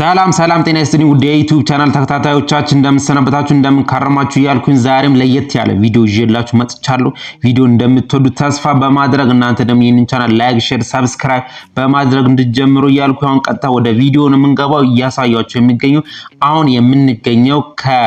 ሰላም ሰላም፣ ጤና ይስጥልኝ ውድ የዩቲዩብ ቻናል ተከታታዮቻችን እንደምሰነበታችሁ እንደምንካረማችሁ እያልኩኝ ዛሬም ለየት ያለ ቪዲዮ ይዤላችሁ መጥቻለሁ። ቪዲዮ እንደምትወዱት ተስፋ በማድረግ እናንተ ደግሞ ይህንን ቻናል ላይክ፣ ሼር፣ ሰብስክራይብ በማድረግ እንድትጀምሩ እያልኩ አሁን ቀጥታ ወደ ቪዲዮ ነው የምንገባው። እያሳያችሁ የሚገኘው አሁን የምንገኘው ከ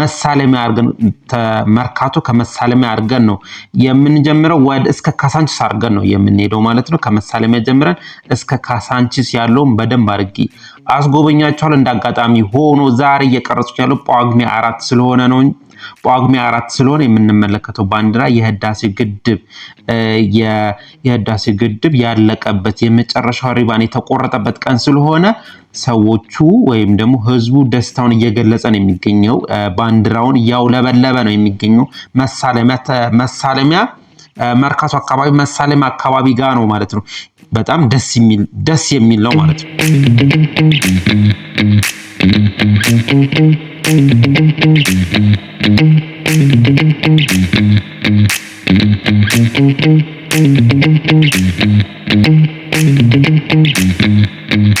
መሳለሚያ አድርገን መርካቶ ከመሳለሚያ አድርገን ነው የምንጀምረው። ወደ እስከ ካሳንቺስ አድርገን ነው የምንሄደው ማለት ነው። ከመሳለሚያ ጀምረን እስከ ካሳንቺስ ያለውን በደንብ አድርጌ አስጎበኛቸዋል እንደ ሆኖ ዛሬ እየቀረጹ ያለው ጳጉሜ አራት ስለሆነ ነው። ጳጉሜ አራት ስለሆነ የምንመለከተው ባንዲራ የህዳሴ ግድብ የህዳሴ ግድብ ያለቀበት የመጨረሻው ሪባን የተቆረጠበት ቀን ስለሆነ ሰዎቹ ወይም ደግሞ ህዝቡ ደስታውን እየገለጸ ነው የሚገኘው። ባንዲራውን እያውለበለበ ነው የሚገኘው። መሳለሚያ መርካቶ አካባቢ መሳለሚያ አካባቢ ጋር ነው ማለት ነው። በጣም ደስ የሚል ደስ የሚል ነው ማለት ነው።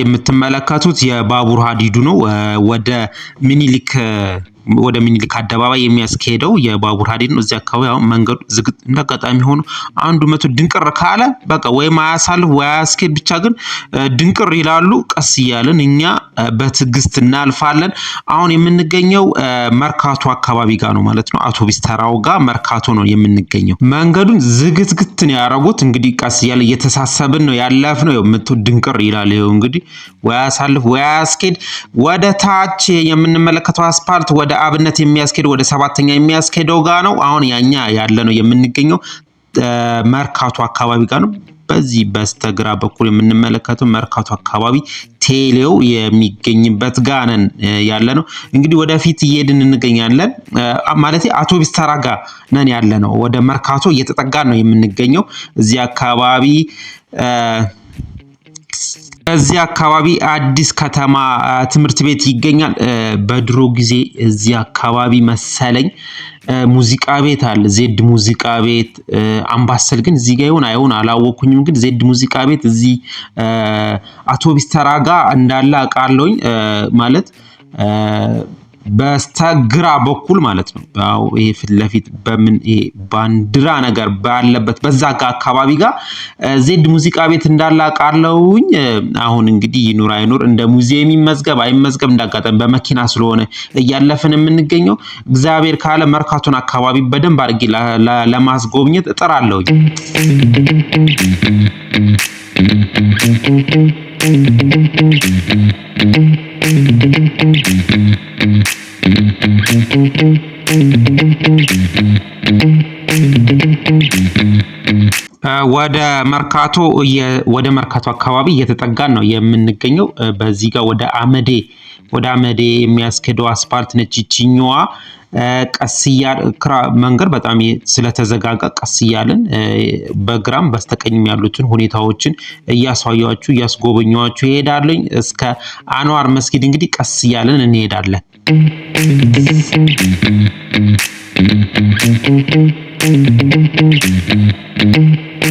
የምትመለከቱት የባቡር ሀዲዱ ነው ወደ ሚኒሊክ። ወደ ሚኒሊክ አደባባይ የሚያስኬደው የባቡር ሀዲድ ነው። እዚያ አካባቢ አሁን መንገዱ ዝግ እንዳጋጣሚ ሆኖ አንዱ መቶ ድንቅር ካለ በቃ ወይም አያሳልፍ ወይ አያስኬድ፣ ብቻ ግን ድንቅር ይላሉ። ቀስ እያልን እኛ በትዕግስት እናልፋለን። አሁን የምንገኘው መርካቶ አካባቢ ጋር ነው ማለት ነው። አውቶቢስ ተራው ጋር መርካቶ ነው የምንገኘው። መንገዱን ዝግትግት ነው ያደረጉት። እንግዲህ ቀስ እያለ እየተሳሰብን ነው ያለፍ ነው መቶ ድንቅር ይላል። ይኸው እንግዲህ ወይ አያሳልፍ ወይ አያስኬድ። ወደ ታች የምንመለከተው አስፓልት ወደ አብነት የሚያስኬደው ወደ ሰባተኛ የሚያስኬደው ጋ ነው። አሁን ያኛ ያለ ነው የምንገኘው መርካቶ አካባቢ ጋር ነው። በዚህ በስተግራ በኩል የምንመለከተው መርካቶ አካባቢ ቴሌው የሚገኝበት ጋነን ያለ ነው። እንግዲህ ወደፊት እየሄድን እንገኛለን ማለት አውቶቢስ ተራ ጋ ነን ያለ ነው። ወደ መርካቶ እየተጠጋን ነው የምንገኘው እዚህ አካባቢ እዚህ አካባቢ አዲስ ከተማ ትምህርት ቤት ይገኛል። በድሮ ጊዜ እዚህ አካባቢ መሰለኝ ሙዚቃ ቤት አለ። ዜድ ሙዚቃ ቤት አምባሰል ግን እዚህ ጋ ይሁን አይሁን አላወኩኝም። ግን ዜድ ሙዚቃ ቤት እዚህ አውቶቢስ ተራ ጋ እንዳለ አውቃለሁኝ ማለት በስተግራ በኩል ማለት ነው። ይሄ ፊት ለፊት በምን ይሄ ባንዲራ ነገር ባለበት በዛ ጋ አካባቢ ጋር ዜድ ሙዚቃ ቤት እንዳላቃለውኝ አሁን እንግዲህ ይኑር አይኑር እንደ ሙዚየም ይመዝገብ አይመዝገብ እንዳጋጠም በመኪና ስለሆነ እያለፍን የምንገኘው እግዚአብሔር ካለ መርካቶን አካባቢ በደንብ አድርጌ ለማስጎብኘት እጥራለሁኝ። Thank ወደ መርካቶ ወደ መርካቶ አካባቢ እየተጠጋን ነው የምንገኘው። በዚህ ጋር ወደ አመዴ ወደ አመዴ የሚያስኬደው አስፓልት ነች ይችኛዋ። ቀስ ክራ መንገድ በጣም ስለተዘጋጋ ቀስ እያለን በግራም በስተቀኝም ያሉትን ሁኔታዎችን እያሳያችሁ እያስጎበኛችሁ ይሄዳለኝ። እስከ አንዋር መስጊድ እንግዲህ ቀስ እያለን እንሄዳለን። Thank you.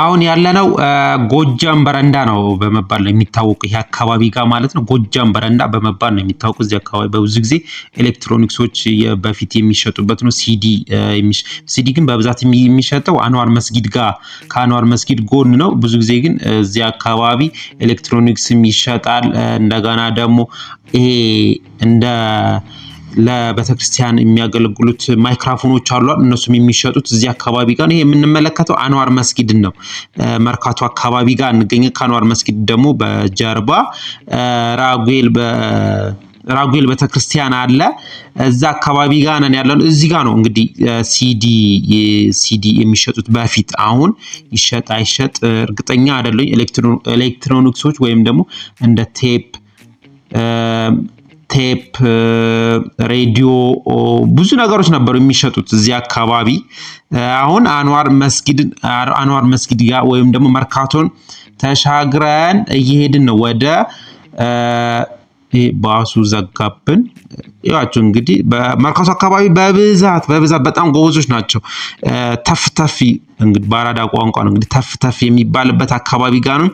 አሁን ያለነው ጎጃም በረንዳ ነው በመባል ነው የሚታወቁ ይሄ አካባቢ ጋር ማለት ነው። ጎጃም በረንዳ በመባል ነው የሚታወቁ እዚህ አካባቢ በብዙ ጊዜ ኤሌክትሮኒክሶች በፊት የሚሸጡበት ነው። ሲዲ ሲዲ ግን በብዛት የሚሸጠው አንዋር መስጊድ ጋር ከአንዋር መስጊድ ጎን ነው። ብዙ ጊዜ ግን እዚህ አካባቢ ኤሌክትሮኒክስም ይሸጣል። እንደገና ደግሞ ይሄ እንደ ለቤተክርስቲያን የሚያገለግሉት ማይክራፎኖች አሉ። እነሱም የሚሸጡት እዚህ አካባቢ ጋር ነው። የምንመለከተው አንዋር መስጊድን ነው። መርካቶ አካባቢ ጋር እንገኘ። ከአንዋር መስጊድ ደግሞ በጀርባ ራጉኤል ራጉኤል ቤተክርስቲያን አለ። እዛ አካባቢ ጋር ነን ያለን። እዚህ ጋር ነው እንግዲህ ሲዲ ሲዲ የሚሸጡት በፊት። አሁን ይሸጥ አይሸጥ እርግጠኛ አይደለኝ። ኤሌክትሮኒክሶች ወይም ደግሞ እንደ ቴፕ ቴፕ፣ ሬዲዮ፣ ብዙ ነገሮች ነበሩ የሚሸጡት እዚህ አካባቢ። አሁን አንዋር መስጊድ አንዋር መስጊድ ጋር ወይም ደግሞ መርካቶን ተሻግረን እየሄድን ነው ወደ ባሱ ዘጋብን። ያቸው እንግዲህ በመርካቶ አካባቢ በብዛት በብዛት በጣም ጎበዞች ናቸው። ተፍተፊ እንግዲህ በአራዳ ቋንቋ ነው እንግዲህ ተፍተፊ የሚባልበት አካባቢ ጋር ነው።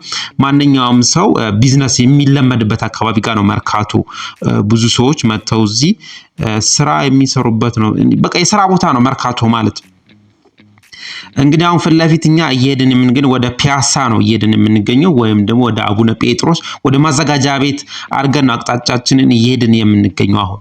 ማንኛውም ሰው ቢዝነስ የሚለመድበት አካባቢ ጋር ነው መርካቶ። ብዙ ሰዎች መጥተው እዚህ ስራ የሚሰሩበት ነው። በቃ የስራ ቦታ ነው መርካቶ ማለት እንግዲህ አሁን ፊት ለፊት እኛ እየሄድን የምንገኝ ወደ ፒያሳ ነው እየሄድን የምንገኘው ወይም ደግሞ ወደ አቡነ ጴጥሮስ ወደ ማዘጋጃ ቤት አድርገን አቅጣጫችንን እየሄድን የምንገኘው አሁን።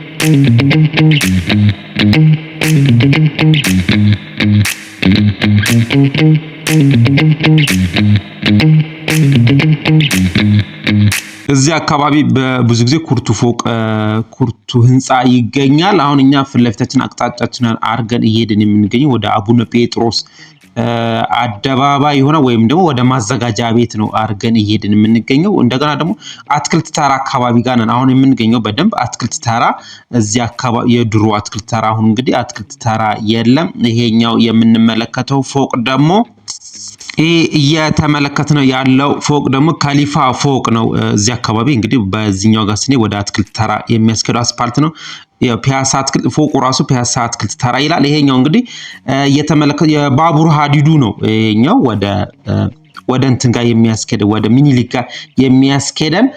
እዚህ አካባቢ ብዙ ጊዜ ኩርቱ ፎቅ ኩርቱ ህንፃ ይገኛል። አሁን እኛ ፊት ለፊታችን አቅጣጫችን አድርገን እየሄድን የምንገኘው ወደ አቡነ ጴጥሮስ አደባባይ የሆነ ወይም ደግሞ ወደ ማዘጋጃ ቤት ነው አድርገን እየሄድን የምንገኘው። እንደገና ደግሞ አትክልት ተራ አካባቢ ጋር ነን አሁን የምንገኘው። በደንብ አትክልት ተራ እዚህ አካባቢ የድሮ አትክልት ተራ፣ አሁን እንግዲህ አትክልት ተራ የለም። ይሄኛው የምንመለከተው ፎቅ ደግሞ ይህ እየተመለከትነው ያለው ፎቅ ደግሞ ከሊፋ ፎቅ ነው። እዚህ አካባቢ እንግዲህ በዚህኛው ጋር ስኔ ወደ አትክልት ተራ የሚያስኬደው አስፓልት ነው። ፒያሳ አትክልት ፎቁ ራሱ ፒያሳ አትክልት ተራ ይላል። ይሄኛው እንግዲህ እየተመለከት የባቡር ሀዲዱ ነው። ይሄኛው ወደ ወደ እንትን ጋር የሚያስኬደን ወደ ሚኒሊክ ጋር የሚያስኬደን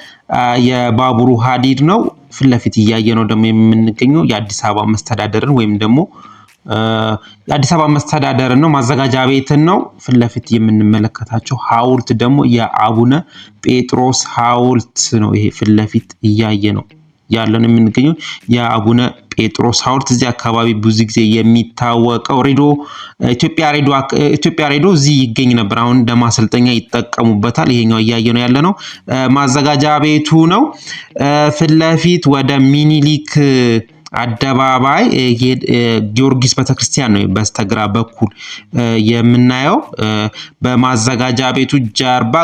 የባቡሩ ሀዲድ ነው። ፊት ለፊት እያየ ነው ደግሞ የምንገኘው የአዲስ አበባ መስተዳደርን ወይም ደግሞ የአዲስ አበባ መስተዳደርን ነው፣ ማዘጋጃ ቤትን ነው። ፊት ለፊት የምንመለከታቸው ሐውልት ደግሞ የአቡነ ጴጥሮስ ሐውልት ነው። ይሄ ፊት ለፊት እያየ ነው ያለን የምንገኘው የአቡነ ጴጥሮስ ሐውልት እዚህ አካባቢ ብዙ ጊዜ የሚታወቀው ሬዲዮ ኢትዮጵያ ሬዲዮ እዚህ ይገኝ ነበር። አሁን ለማሰልጠኛ ይጠቀሙበታል። ይሄኛው እያየ ነው ያለ ነው ማዘጋጃ ቤቱ ነው። ፊት ለፊት ወደ ሚኒሊክ አደባባይ ጊዮርጊስ ቤተክርስቲያን ነው በስተግራ በኩል የምናየው። በማዘጋጃ ቤቱ ጀርባ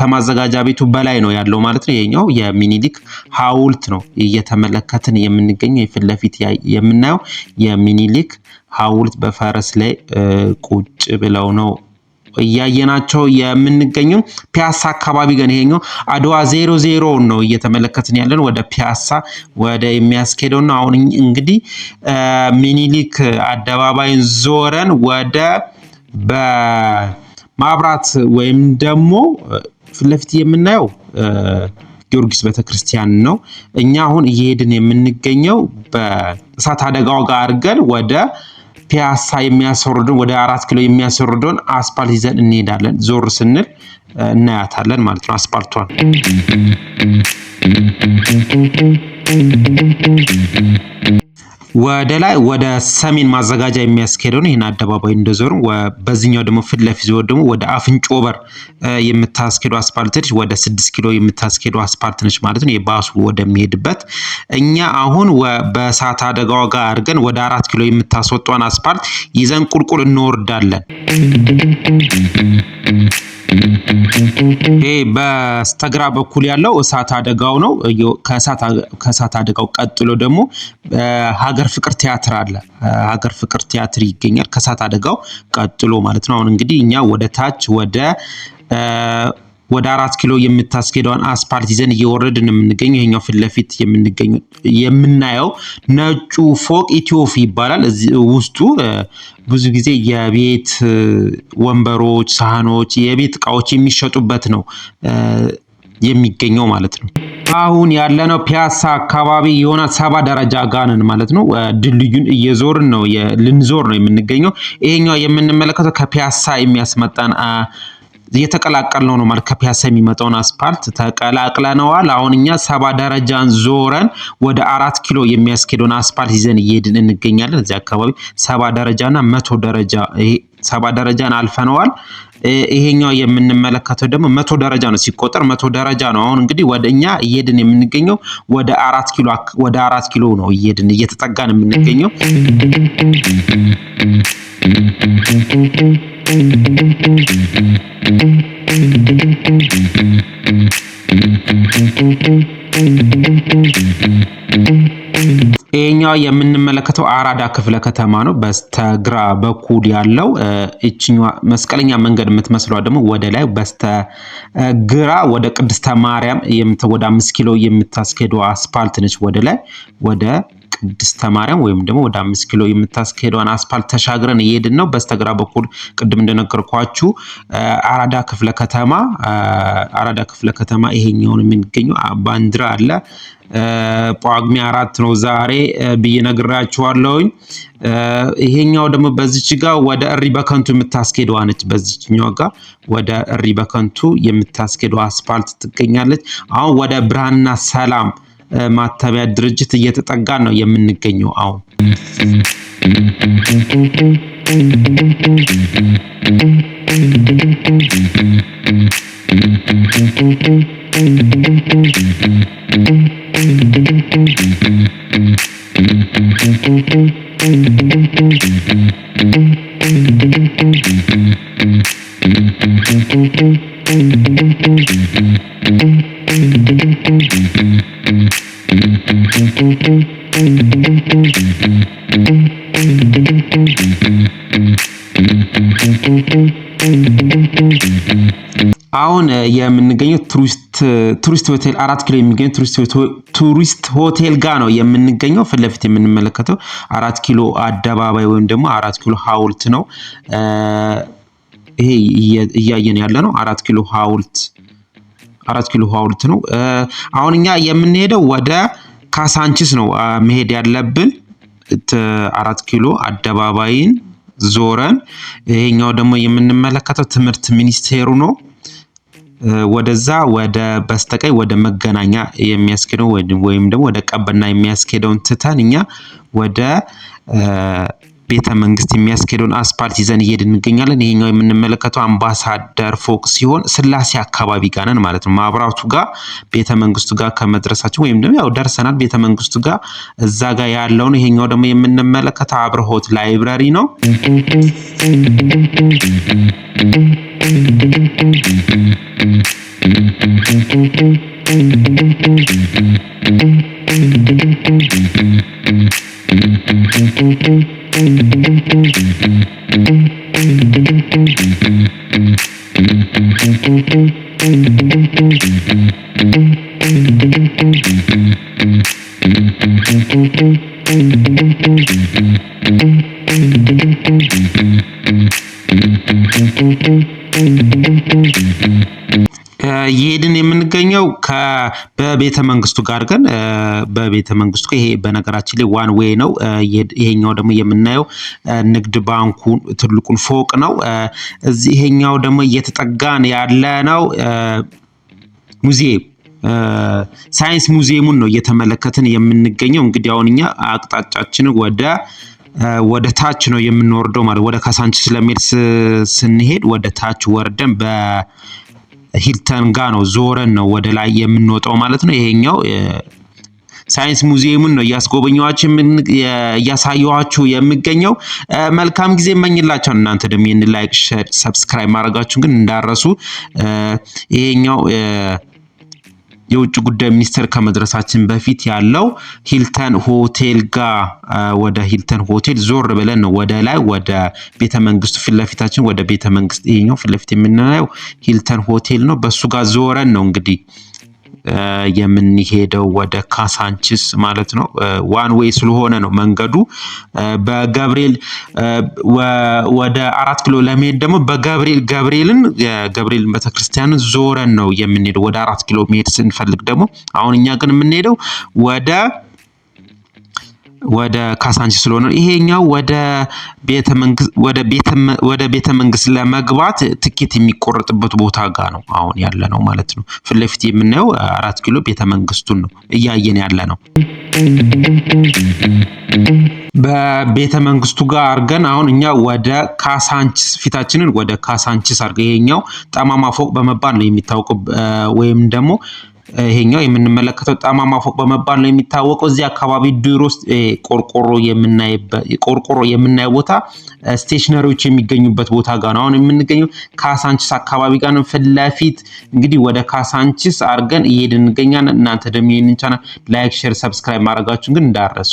ከማዘጋጃ ቤቱ በላይ ነው ያለው ማለት ነው። ይሄኛው የሚኒሊክ ሐውልት ነው እየተመለከትን የምንገኘው የፊት ለፊት የምናየው የሚኒሊክ ሐውልት በፈረስ ላይ ቁጭ ብለው ነው እያየናቸው የምንገኙ ፒያሳ አካባቢ ግን ይሄኛው አድዋ ዜሮ ዜሮ ነው እየተመለከትን ያለን ወደ ፒያሳ ወደ የሚያስኬደው ነው። አሁን እንግዲህ ሚኒሊክ አደባባይን ዞረን ወደ በማብራት ወይም ደግሞ ፊት ለፊት የምናየው ጊዮርጊስ ቤተክርስቲያን ነው። እኛ አሁን እየሄድን የምንገኘው በእሳት አደጋው ጋር አድርገን ወደ ፒያሳ የሚያስወርደን ወደ አራት ኪሎ የሚያስወርዱን አስፓልት ይዘን እንሄዳለን። ዞር ስንል እናያታለን ማለት ነው አስፓልቷን። ወደ ላይ ወደ ሰሜን ማዘጋጃ የሚያስኬደውን ይህን አደባባይ እንደዞሩ በዚህኛው ደግሞ ፊት ለፊት ሲሆን ደግሞ ወደ አፍንጮ በር የምታስኬደው አስፓልት ነች። ወደ ስድስት ኪሎ የምታስኬደው አስፓልት ነች ማለት ነው። የባሱ ወደሚሄድበት እኛ አሁን በእሳት አደጋዋ ጋር አድርገን ወደ አራት ኪሎ የምታስወጧን አስፓልት ይዘን ቁልቁል እንወርዳለን። ይሄ በስተግራ በኩል ያለው እሳት አደጋው ነው። ከእሳት አደጋው ቀጥሎ ደግሞ ሀገር ፍቅር ቲያትር አለ። ሀገር ፍቅር ቲያትር ይገኛል ከእሳት አደጋው ቀጥሎ ማለት ነው። አሁን እንግዲህ እኛ ወደ ታች ወደ ወደ አራት ኪሎ የምታስኬደውን አስፓልት ይዘን እየወረድን የምንገኘው ይሄኛው ፊት ለፊት የምናየው ነጩ ፎቅ ኢትዮፍ ይባላል። ውስጡ ብዙ ጊዜ የቤት ወንበሮች፣ ሳህኖች፣ የቤት እቃዎች የሚሸጡበት ነው የሚገኘው ማለት ነው። አሁን ያለነው ፒያሳ አካባቢ የሆነ ሰባ ደረጃ ጋንን ማለት ነው። ድልድዩን እየዞርን ነው ልንዞር ነው የምንገኘው። ይሄኛው የምንመለከተው ከፒያሳ የሚያስመጣን የተቀላቀልነው ነው ማለት ከፒያሳ የሚመጣውን አስፓልት ተቀላቅለነዋል። አሁን እኛ ሰባ ደረጃን ዞረን ወደ አራት ኪሎ የሚያስኬደውን አስፓልት ይዘን እየሄድን እንገኛለን። እዚህ አካባቢ ሰባ ደረጃና መቶ ደረጃ ሰባ ደረጃን አልፈነዋል። ይሄኛው የምንመለከተው ደግሞ መቶ ደረጃ ነው፣ ሲቆጠር መቶ ደረጃ ነው። አሁን እንግዲህ ወደ እኛ እየሄድን የምንገኘው ወደ አራት ኪሎ ወደ አራት ኪሎ ነው እየሄድን እየተጠጋን የምንገኘው ይህኛው የምንመለከተው አራዳ ክፍለ ከተማ ነው። በስተግራ በኩል ያለው እችኛ መስቀለኛ መንገድ የምትመስለዋ ደግሞ ወደ ላይ በስተግራ ወደ ቅድስተ ማርያም ወደ አምስት ኪሎ የምታስኬደው አስፓልት ነች። ወደ ላይ ወደ ቅድስተ ማርያም ወይም ደግሞ ወደ አምስት ኪሎ የምታስኬደዋን አስፓልት ተሻግረን እየሄድን ነው። በስተግራ በኩል ቅድም እንደነገርኳችሁ አራዳ ክፍለ ከተማ አራዳ ክፍለ ከተማ ይሄኛውን የሚገኘው ባንዲራ አለ። ጳጉሜ አራት ነው ዛሬ ብዬ ነግራችኋለሁኝ። ይሄኛው ደግሞ በዚች ጋር ወደ እሪ በከንቱ የምታስኬደዋ ነች። በዚችኛው ጋር ወደ እሪ በከንቱ የምታስኬደዋ አስፓልት ትገኛለች። አሁን ወደ ብርሃንና ሰላም ማተቢያ ድርጅት እየተጠጋ ነው የምንገኘው አሁን። አሁን የምንገኘው ቱሪስት ሆቴል አራት ኪሎ የሚገኘው ቱሪስት ሆቴል ጋር ነው የምንገኘው። ፊት ለፊት የምንመለከተው አራት ኪሎ አደባባይ ወይም ደግሞ አራት ኪሎ ሐውልት ነው። ይሄ እያየን ያለ ነው አራት ኪሎ ሐውልት አራት ኪሎ ሀውልት ነው። አሁን እኛ የምንሄደው ወደ ካሳንቺስ ነው መሄድ ያለብን። አራት ኪሎ አደባባይን ዞረን ይሄኛው ደግሞ የምንመለከተው ትምህርት ሚኒስቴሩ ነው። ወደዛ ወደ በስተቀኝ ወደ መገናኛ የሚያስኬደው ወይም ደግሞ ወደ ቀበና የሚያስኬደውን ትተን እኛ ወደ ቤተ መንግስት የሚያስኬደውን አስፓልት ይዘን እየሄድን እንገኛለን። ይሄኛው የምንመለከተው አምባሳደር ፎቅ ሲሆን ስላሴ አካባቢ ጋነን ማለት ነው። ማብራቱ ጋር ቤተ መንግስቱ ጋር ከመድረሳችን ወይም ደግሞ ያው ደርሰናል ቤተ መንግስቱ ጋር እዛ ጋር ያለውን ይሄኛው ደግሞ የምንመለከተው አብርሆት ላይብረሪ ነው። Thank you. በቤተ መንግስቱ ጋር ግን በቤተ መንግስቱ ይሄ በነገራችን ላይ ዋን ዌይ ነው። ይሄኛው ደግሞ የምናየው ንግድ ባንኩ ትልቁን ፎቅ ነው። እዚህ ይሄኛው ደግሞ እየተጠጋን ያለ ነው ሙዚየም ሳይንስ ሙዚየሙን ነው እየተመለከትን የምንገኘው። እንግዲህ አሁን እኛ አቅጣጫችን ወደ ወደ ታች ነው የምንወርደው ማለት ወደ ካሳንቺስ ስለሚሄድ ስንሄድ ወደ ታች ወርደን በ ሂልተን ጋ ነው ዞረን ነው ወደ ላይ የምንወጣው ማለት ነው። ይሄኛው ሳይንስ ሙዚየሙን ነው እያስጎበኘኋችሁ እያሳየኋችሁ የምገኘው። መልካም ጊዜ እመኝላችኋል። እናንተ ደግሞ ይህን ላይክ፣ ሼር፣ ሰብስክራይብ ማድረጋችሁን ግን እንዳረሱ ይሄኛው የውጭ ጉዳይ ሚኒስቴር ከመድረሳችን በፊት ያለው ሂልተን ሆቴል ጋር ወደ ሂልተን ሆቴል ዞር ብለን ነው ወደ ላይ ወደ ቤተ መንግስቱ ፊትለፊታችን ወደ ቤተ መንግስት ይሄኛው ፊትለፊት የምናየው ሂልተን ሆቴል ነው። በሱ ጋር ዞረን ነው እንግዲህ የምንሄደው ወደ ካሳንችስ ማለት ነው። ዋን ዌይ ስለሆነ ነው መንገዱ። በገብርኤል ወደ አራት ኪሎ ለመሄድ ደግሞ በገብርኤል ገብርኤልን ገብርኤል ቤተክርስቲያንን ዞረን ነው የምንሄደው ወደ አራት ኪሎ መሄድ ስንፈልግ ደግሞ። አሁን እኛ ግን የምንሄደው ወደ ወደ ካሳንቺስ ስለሆነ ይሄኛው ወደ ቤተ መንግስት ወደ ቤተ መንግስት ለመግባት ትኬት የሚቆረጥበት ቦታ ጋ ነው አሁን ያለ ነው ማለት ነው። ፊት ለፊት የምናየው አራት ኪሎ ቤተ መንግስቱን ነው እያየን ያለ ነው። በቤተ መንግስቱ ጋር አድርገን አሁን እኛ ወደ ካሳንቺስ ፊታችንን ወደ ካሳንቺስ አድርገን ይሄኛው ጠማማ ፎቅ በመባል ነው የሚታወቀው ወይም ደግሞ ይሄኛው የምንመለከተው ጠማማ ፎቅ በመባል ነው የሚታወቀው። እዚህ አካባቢ ድሮ ቆርቆሮ የምናየው ቦታ ስቴሽነሪዎች የሚገኙበት ቦታ ጋር ነው አሁን የምንገኘው። ካሳንችስ አካባቢ ጋር ነው ፊት ለፊት እንግዲህ ወደ ካሳንችስ አድርገን እየሄድን እንገኛለን። እናንተ ደግሞ ይህንን ቻናል ላይክ፣ ሼር፣ ሰብስክራይብ ማድረጋችሁን ግን እንዳረሱ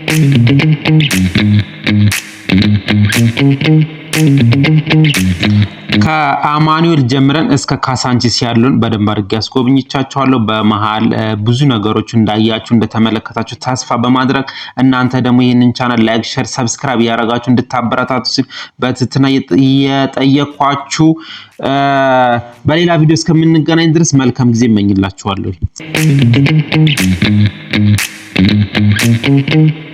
ከአማኑኤል ጀምረን እስከ ካሳንቺስ ያሉን በደንብ አድርጌ ያስጎብኝቻችኋለሁ። በመሀል ብዙ ነገሮች እንዳያችሁ እንደተመለከታችሁ ተስፋ በማድረግ እናንተ ደግሞ ይህንን ቻናል ላይክ፣ ሸር፣ ሰብስክራይብ እያደረጋችሁ እንድታበረታቱ ሲል በትህትና የጠየኳችሁ። በሌላ ቪዲዮ እስከምንገናኝ ድረስ መልካም ጊዜ እመኝላችኋለሁ።